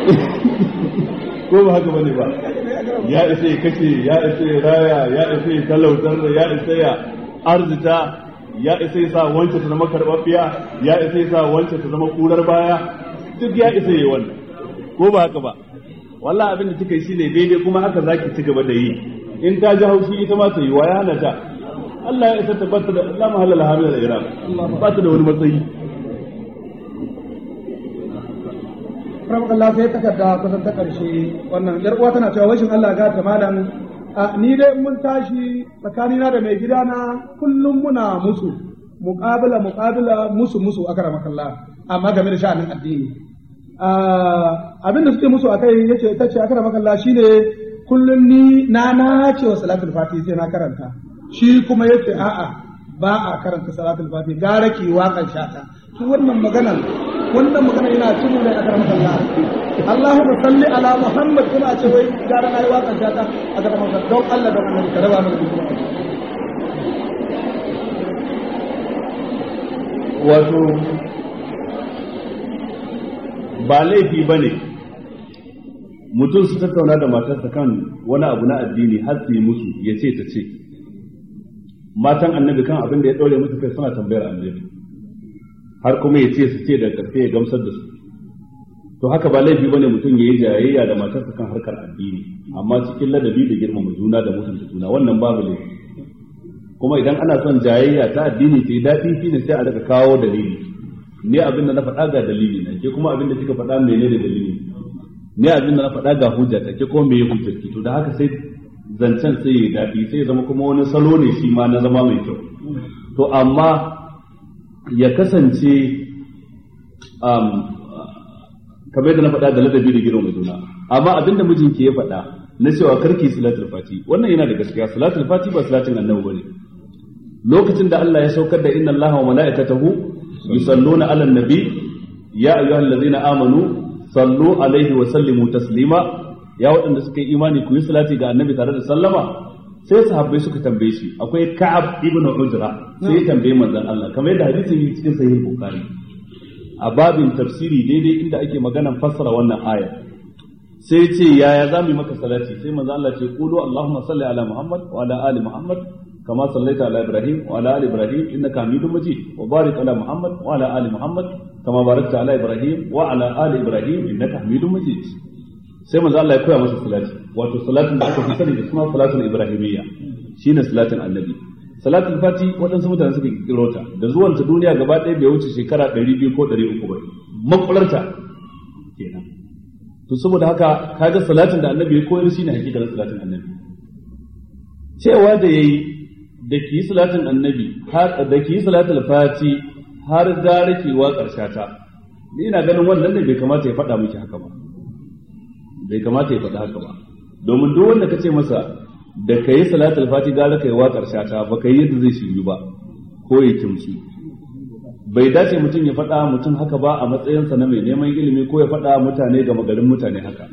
ko ba haka bane ba ya isa ya kace ya isa ya raya ya isa ya talautar ya isa ya arzita ya isa ya sa wance ta zama karbabbiya ya isa ya sa wance ta zama kurar baya duk ya isa yi wannan ko ba haka ba wallahi abin da kika yi shine daidai kuma haka zaki ci gaba da yi in ta ji haushi ita ma ta yi wa ya hana ta Allah ya isa ta tabbata da Allah mahallala hamil da Iran ba ta da wani matsayi Rabu Allah sai takarda kusan ta karshe wannan yar uwa tana cewa washin Allah ga ta malam ni dai mun tashi tsakanina da mai gida na kullum muna musu muqabala muqabala musu musu akara makalla amma game da sha'anin addini abin da suke musu a kai yace ce akara makalla shine kullum ni na nace wa salatul fati sai na karanta shi kuma ce a'a ba a karanta salatul fatiha gara ki waƙan shata to wannan maganar wannan magana yana cin ne a karamar Allah Allahumma salli ala Muhammad kuma a ce wai gara nayi waƙan shata a karamar Allah don Allah don Annabi ka raba mana duk wato ba laifi bane mutum su tattauna da matarsa kan wani abu na addini har su yi musu ya ce ta ce matan annabi kan abin da ya ɗaure musu kai suna tambayar annabi har kuma ya ce su ce da ƙarfi ya gamsar da su to haka ba laifi bane mutum ya yi jayayya da matarsa kan harkar addini amma cikin ladabi da girmama juna da mutunta juna wannan babu laifi kuma idan ana son jayayya ta addini ta yi daɗi ne sai a daga kawo dalili ne abin da na faɗa ga dalili na ke kuma abin da kika faɗa da dalili ne abin da na faɗa ga hujja ta ke kuma me ya hujjarki to da haka sai zancen sai ya daɗi sai zama kuma wani salo ne shi ma na zama mai kyau to amma ya kasance um, kamar da na faɗa da ladabi da girma juna amma da mijinki ya faɗa na cewa karki salatul fati wannan yana da gaskiya salatul fati ba salatin annabi bane lokacin da Allah ya saukar da inna Allaha wa mala'ikatahu yusalluna 'alan nabi ya ayyuhallazina amanu sallu alaihi wa sallimu taslima ya waɗanda suka yi imani ku yi salati ga annabi tare da sallama sai sahabbai suka tambaye shi akwai ka'ab ibn ujra sai ya tambaye manzon Allah kamar yadda hadisin yi cikin sahih bukhari a babin tafsiri daidai inda ake magana fassara wannan aya sai ce yaya za mu maka salati sai manzon Allah ce qulu allahumma salli ala muhammad wa ala ali muhammad kama كما صليت على ابراهيم وعلى ال ابراهيم انك حميد مجيد وبارك على محمد ali muhammad kama كما ala ibrahim ابراهيم وعلى ال ابراهيم انك حميد مجيد sai manzo Allah ya koya masa salati wato salatin da aka fi sani da kuma salatin ibrahimiyya shine salatin annabi salatin fati waɗansu mutane suka kiro ta da zuwan ta duniya gaba ɗaya bai wuce shekara 200 ko 300 ba makularta kenan to saboda haka kaga salatin da annabi ya koyar shine hakikar salatin annabi cewa da yayi da ki yi salatin annabi har da ki yi salatul fati har da rakewa karshata ni ina ganin wannan ne bai kamata ya faɗa miki haka ba bai kamata ya faɗa haka ba domin duk wanda ka ce masa da ka yi salatul fati gara ka yi waƙar shata ba ka yi yadda zai shiryu ba ko ya kimsi. bai dace mutum ya faɗa mutum haka ba a matsayinsa na mai neman ilimi ko ya faɗa mutane ga magarin mutane haka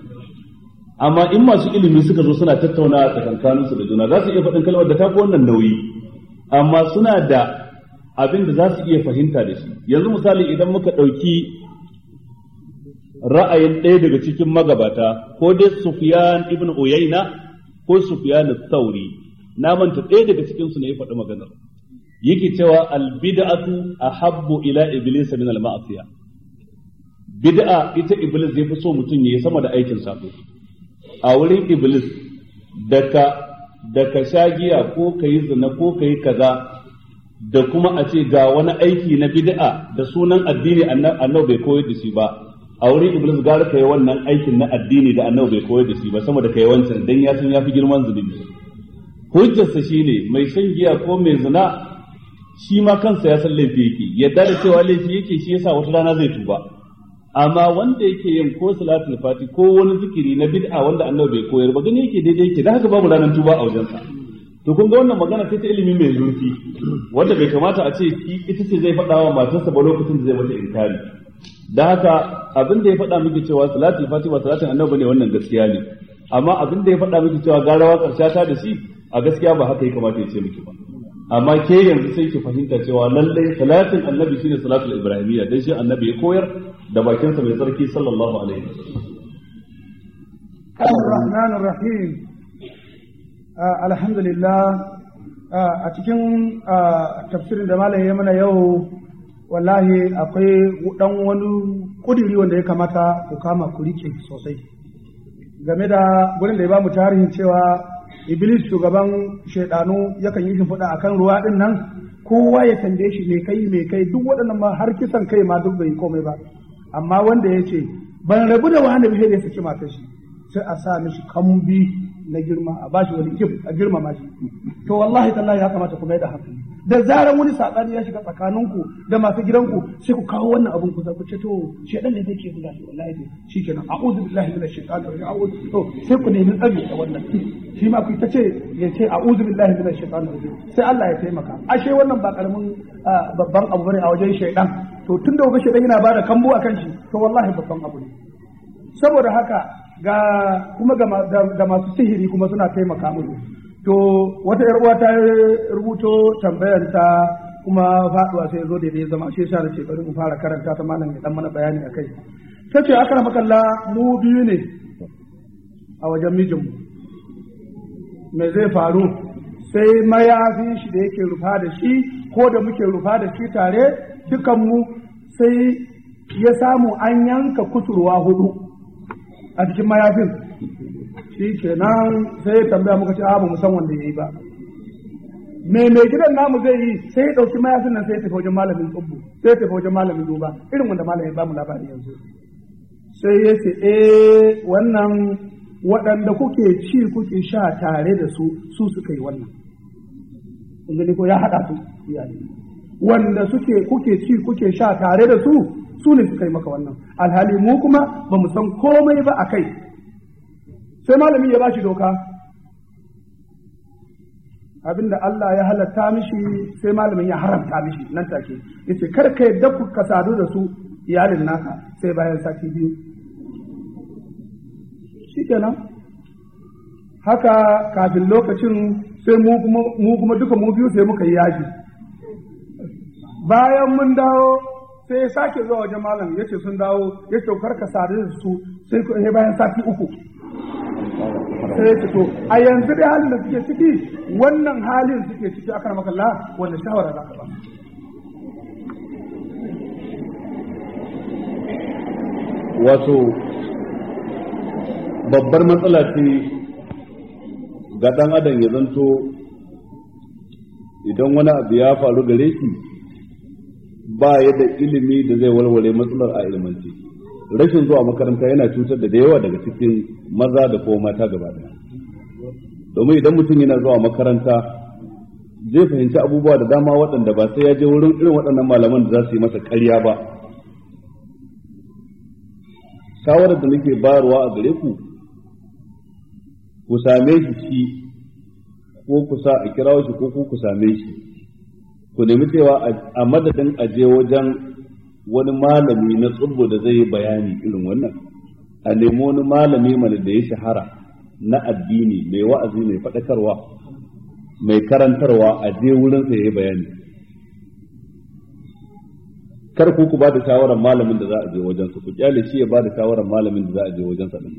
amma in masu ilimi suka zo suna tattauna kankaninsu da juna za su iya faɗin kalmar da ta fi wannan nauyi amma suna da abin da za su iya fahimta da shi yanzu misali idan muka ɗauki ra'ayin ɗaya daga cikin magabata ko dai Sufyan ibn Uyayna ko Sufyan al-Thawri na manta ɗaya daga cikin su ne ya faɗi maganar yake cewa al-bid'atu ahabbu ila iblis min al-ma'siyah bid'a ita iblis ya fi so mutum ya yi sama da aikin sa a wurin iblis daga daga shagiya ko ka yi zina ko ka yi kaza da kuma a ce ga wani aiki na bid'a da sunan addini a annabi bai koyar da shi ba a wurin iblis gara kai wannan aikin na addini da annabi bai koyar da shi ba sama da kai wancan dan ya san yafi girman zunubi hujjarsa shine mai shan giya ko mai zina shi ma kansa ya san laifi yake yadda da cewa laifi yake shi yasa wata rana zai tuba amma wanda yake yin ko salatul fati ko wani zikiri na bid'a wanda annabi bai koyar ba gani yake daidai yake da haka babu ranar tuba a wajensa to kun ga wannan magana ce ta ilimi mai zurfi wanda bai kamata a ce ita ce zai faɗawa wa matarsa ba lokacin da zai mata inkari da haka abin da ya faɗa miki cewa salatul fati ba salatin annabi ne wannan gaskiya ne amma abin da ya faɗa miki cewa garawa karsha ta da shi a gaskiya ba haka ya kamata ya ce miki ba amma ke yanzu sai ki fahimta cewa lallai salatin annabi shine salatul ibrahimiyya dan shi annabi ya koyar da bakinsa mai tsarki sallallahu alaihi wasallam الرحمن ah, ah, a cikin ah, tafsirin da malam ya mana yau wallahi akwai dan wani kudiri wanda ya kamata ku kama ku rike sosai game da gurin da ya bamu tarihin cewa iblis shugaban shaidanu yakan yi shimfiɗa akan ruwa din nan kowa ya tambaye shi mai kai mai kai duk waɗannan ma har kisan kai ma duk bai komai ba amma wanda ya ce ban rabu da wani bai da saki matar shi sai a sa mishi kambi na girma a bashi wani kif a girmama shi to wallahi tallahi ya kamata kuma ya da hankali da zaran wani saɓani ya shiga tsakaninku da masu gidanku sai ku kawo wannan abin ku zaku to shi ɗan ne yake buga shi wallahi ne shikenan a'udhu billahi minash shaitani rajim a'udhu to sai ku nemi tsari da wannan shi ma ku ta ce ya ce a'udhu billahi minash shaitani rajim sai Allah ya taimaka ashe wannan ba karamin babban abu bane a wajen shaidan to tunda wani shaidan yana ba da kambu akan shi to wallahi babban abu ne saboda haka ga kuma ga masu sihiri kuma suna taimaka mu to wata yar uwa ta rubuto tambayar ta kuma faɗuwa sai zo da zama shi yasa da shekaru bari mu fara karanta ta malam ya dan mana bayani kai. ta ce akara makalla mu biyu ne a wajen mijin mu me zai faru sai mayafi shi da yake rufa da shi ko da muke rufa da shi tare dukanmu sai ya samu an yanka kuturwa hudu a cikin mayafin shi nan sai tambaya muka ce abu ah, mu san wanda ya yi ba me mai gidan namu zai yi sai ya ɗauki mayafin nan sai ya tafi wajen malamin tsubbu sai ya tafi wajen malamin duba irin wanda malamin ba mu labari yanzu sai ya ce eh wannan waɗanda kuke ci kuke sha tare da su su suka yi wannan kun gani ko ya haɗa su wanda suke kuke ci kuke sha tare da su su ne suka yi maka wannan alhali mu kuma ba mu san komai ba a kai sai malami ya ba shi doka abinda Allah ya halatta mishi sai malamin ya haramta mishi nan take yace kar ka yadda ku ka sadu da su iyalin naka sai bayan sati biyu shikenan haka kafin lokacin sai mu kuma duka mu biyu sai muka yi yaji bayan mun dawo sai ya sake zuwa wajen malam yace sun dawo yace kar ka sadu da su sai bayan sati uku sai eh, ta to a yanzu dai halin da suke ciki wannan halin suke ciki akan makalla wanda shawara za ka ba wato babbar matsala ce ga ɗan adam ya zanto idan wani abu ya faru gare shi ba ya da ilimi da zai walwale matsalar a ilimance rashin zuwa makaranta yana cutar da da yawa daga cikin maza da ko mata gaba ɗaya domin idan mutum yana zuwa makaranta zai fahimci abubuwa da dama waɗanda ba sai ya je wurin irin waɗannan malaman da za su yi masa ƙarya ba shawarar da nake bayarwa a gare ku ku same shi shi ko ku sa a kirawo shi ko ku same shi ku nemi cewa a madadin aje wajen wani malami na tsubbo da zai yi bayani irin wannan a nemi wani malami mana da ya shahara na addini mai wa'azi mai faɗakarwa mai karantarwa a je wurin ya yi bayani kar ku ku ba da shawarar malamin da za a je wajensa ku kyale shi ya ba da shawarar malamin da za a je sa din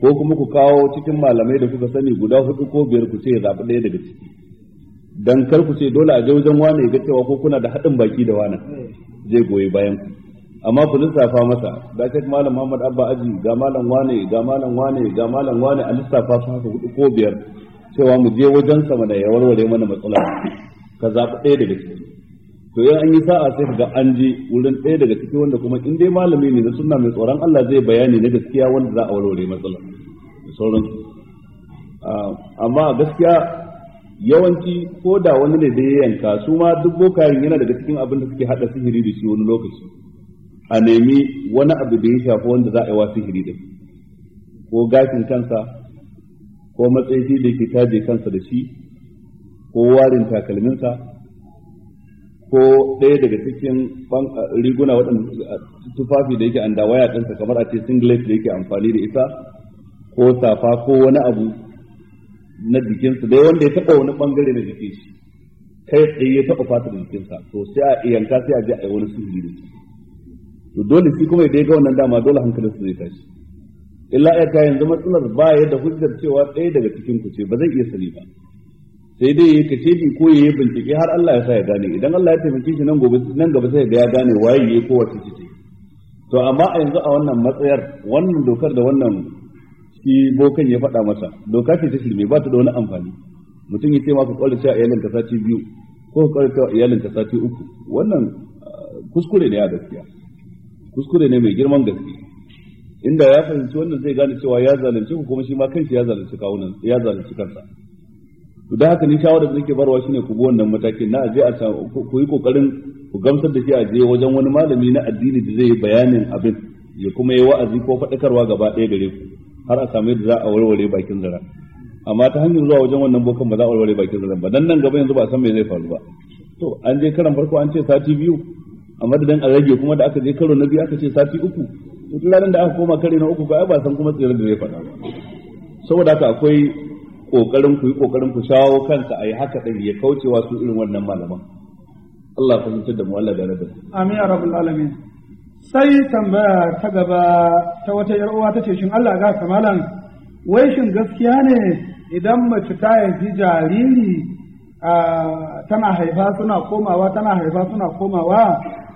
ko kuma ku kawo cikin malamai da kuka sani guda hudu ko biyar ku ce ya zaɓi ɗaya daga ciki dan kar ku ce dole a je wajen wane ga cewa ko kuna da haɗin baki da wane zai goyi bayan ku amma ku lissafa masa da shek malam Muhammad Abba Aji ga malam wane ga malam wane ga malam wane a lissafa su haka hudu ko biyar cewa mu je wajen sa mana ya warware mana matsala ka zaɓi ɗaya daga ciki to yan an yi sa'a sai ga an je wurin ɗaya daga ciki wanda kuma in dai malami ne na sunna mai tsoron Allah zai bayani na gaskiya wanda za a warware matsala sauran ah, amma gaskiya yawanci ko da wani ne da ya yanka su ma duk bokayen yana daga cikin abin da suke hada sihiri da shi wani lokaci a nemi wani abu da ya shafi wanda za a yi wa sihiri da ko gashin kansa ko matsayi da ke taje kansa da shi ko warin takalminsa ko ɗaya daga cikin riguna waɗanda tufafi da yake andawaya ɗinsa kamar a ce singlet da yake amfani da ita ko safa ko wani abu na jikinsa dai wanda ya taɓa wani ɓangare na jikin shi kai tsaye ya taɓa da jikinsa to sai a yanka sai a je a yi wani sihiri da to dole shi kuma idan ya ga wannan dama dole hankali su zai tashi illa ya ka yanzu matsalar ba ya da hujjar cewa ɗaya daga cikin ku ce ba zai iya sani ba sai dai ya kace bi ko ya yi bincike har Allah ya sa ya gane idan Allah ya taimake shi nan gobe nan gaba sai ya gane waye ya ko wace ce to amma a yanzu a wannan matsayar wannan dokar da wannan shi bokan ya faɗa masa doka ce ta shirme ba ta da wani amfani mutum ya ce maka kwallo cewa iyalin ka sati biyu ko kwallo cewa iyalin ka sati uku wannan ah, kuskure ne a gaskiya kuskure ne mai girman gaske inda ya fahimci wannan zai gane cewa ya zalunci ku kuma shi ma kanshi ya zalunci kawunan ya zalunci kansa to da haka ni shawarar da nake barwa shine ku bi wannan matakin na aje a ku yi kokarin ku gamsar da shi a je wajen wani malami na addini da zai yi bayanin abin ya kuma yi wa'azi ko faɗakarwa gaba ɗaya gare ku har a samu yadda za a warware bakin zaren amma ta hanyar zuwa wajen wannan bokan ba za a warware bakin zaren ba dan nan gaba yanzu ba a san me zai faru ba to an je karan farko an ce sati biyu a madadin a rage kuma da aka je karo na biyu aka ce sati uku duk ranar da aka koma kare na uku ba ai ba san kuma tsere da zai faɗa ba saboda haka akwai kokarin ku yi kokarin ku shawo a yi haka din ya kaucewa su irin wannan malaman Allah fahimtar da mu Allah da rabbi amin ya rabbul alamin sai tambaya ta gaba ta wata yar uwa tace shin Allah ga kamalan wai shin gaskiya ne idan mace ta yi jariri tana haifa suna komawa tana haifa suna komawa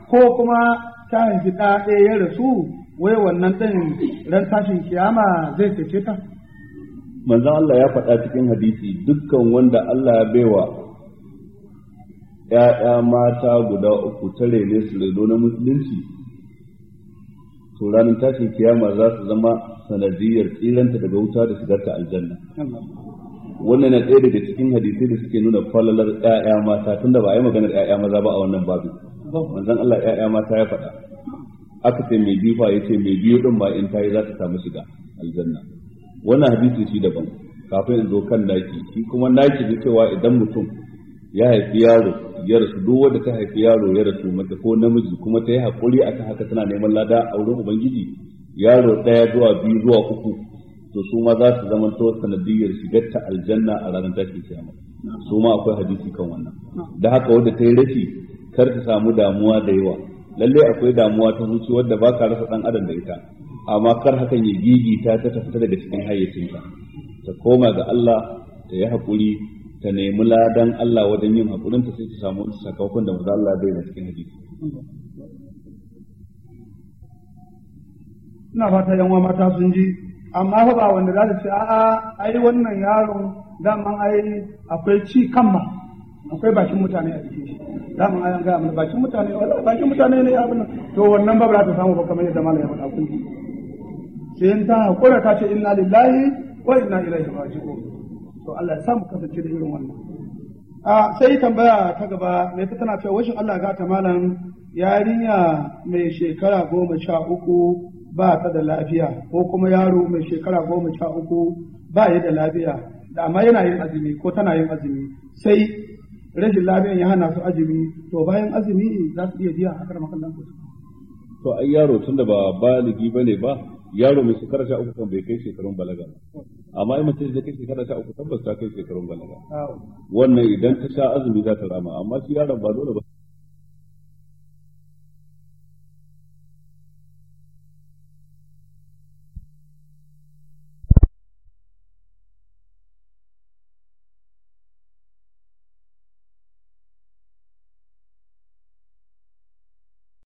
ko kuma ta haifi ɗa ya rasu wai wannan din ran tashin kiyama zai cece ta manzon Allah ya faɗa cikin hadisi dukkan wanda Allah ya baiwa ‘ya'ya mata guda uku tare ne su na musulunci to ranar tashin kiyama za su zama sanadiyar tsiranta daga wuta da shigar ta aljanna wannan na ɗaya daga cikin hadisai da suke nuna falalar ƴaƴa mata tunda ba a yi maganar ƴaƴa maza ba a wannan babu manzon Allah ƴaƴa mata ya faɗa aka ce mai biyu fa yace mai biyu din ba in tayi za ta samu shiga aljanna wannan hadisi shi daban kafin in zo kan naki shi kuma naki da cewa idan mutum ya haifi yaro ya rasu duk wanda ta haifi yaro ya rasu mata ko namiji kuma ta yi hakuri akan haka tana neman lada a wurin ubangiji yaro ɗaya zuwa biyu zuwa uku to su ma za su zama ta sanadiyar shigar ta aljanna a ranar tashin kiyama su ma akwai hadisi kan wannan da haka wanda ta yi rashi kar ta samu damuwa da yawa lalle akwai damuwa ta zuci wadda ba ka rasa dan adam da ita amma kar hakan ya gigita ta ta fita daga cikin hayyacinta. ta koma ga Allah ta yi hakuri ta nemi ladan Allah wajen yin hakurin ta sai ta samu wani sakamakon da maza Allah zai na cikin hadisi ina fata yan mata sun ji amma fa ba wanda za ta ce a'a ai wannan yaron daman ai akwai ci kan ma akwai bakin mutane a cikin shi daman ai an gaya mana bakin mutane bakin mutane ne abin to wannan ba za ta samu ba kamar yadda malama ya faɗa kun ji sai ta hakura ta ce inna lillahi wa inna ilaihi raji'un to Allah ya samu kasance da irin wannan a sai tambaya ta gaba mai ta tana cewa washin Allah gata malam yarinya mai shekara goma sha uku ba ta da lafiya ko kuma yaro mai shekara goma sha uku ba ya da lafiya da amma yana yin azumi ko tana yin azumi sai rashin lafiyan ya hana su azumi to bayan azumi za su iya biya a karamakan to ai yaro tunda ba baligi bane ba yaro mai shekara sha uku kan bai kai shekarun balaga ba amma in mace da kai shekara sha uku tabbas ta kai shekarun balaga wannan idan ta sha azumi za ta rama amma shi yaron ba dole ba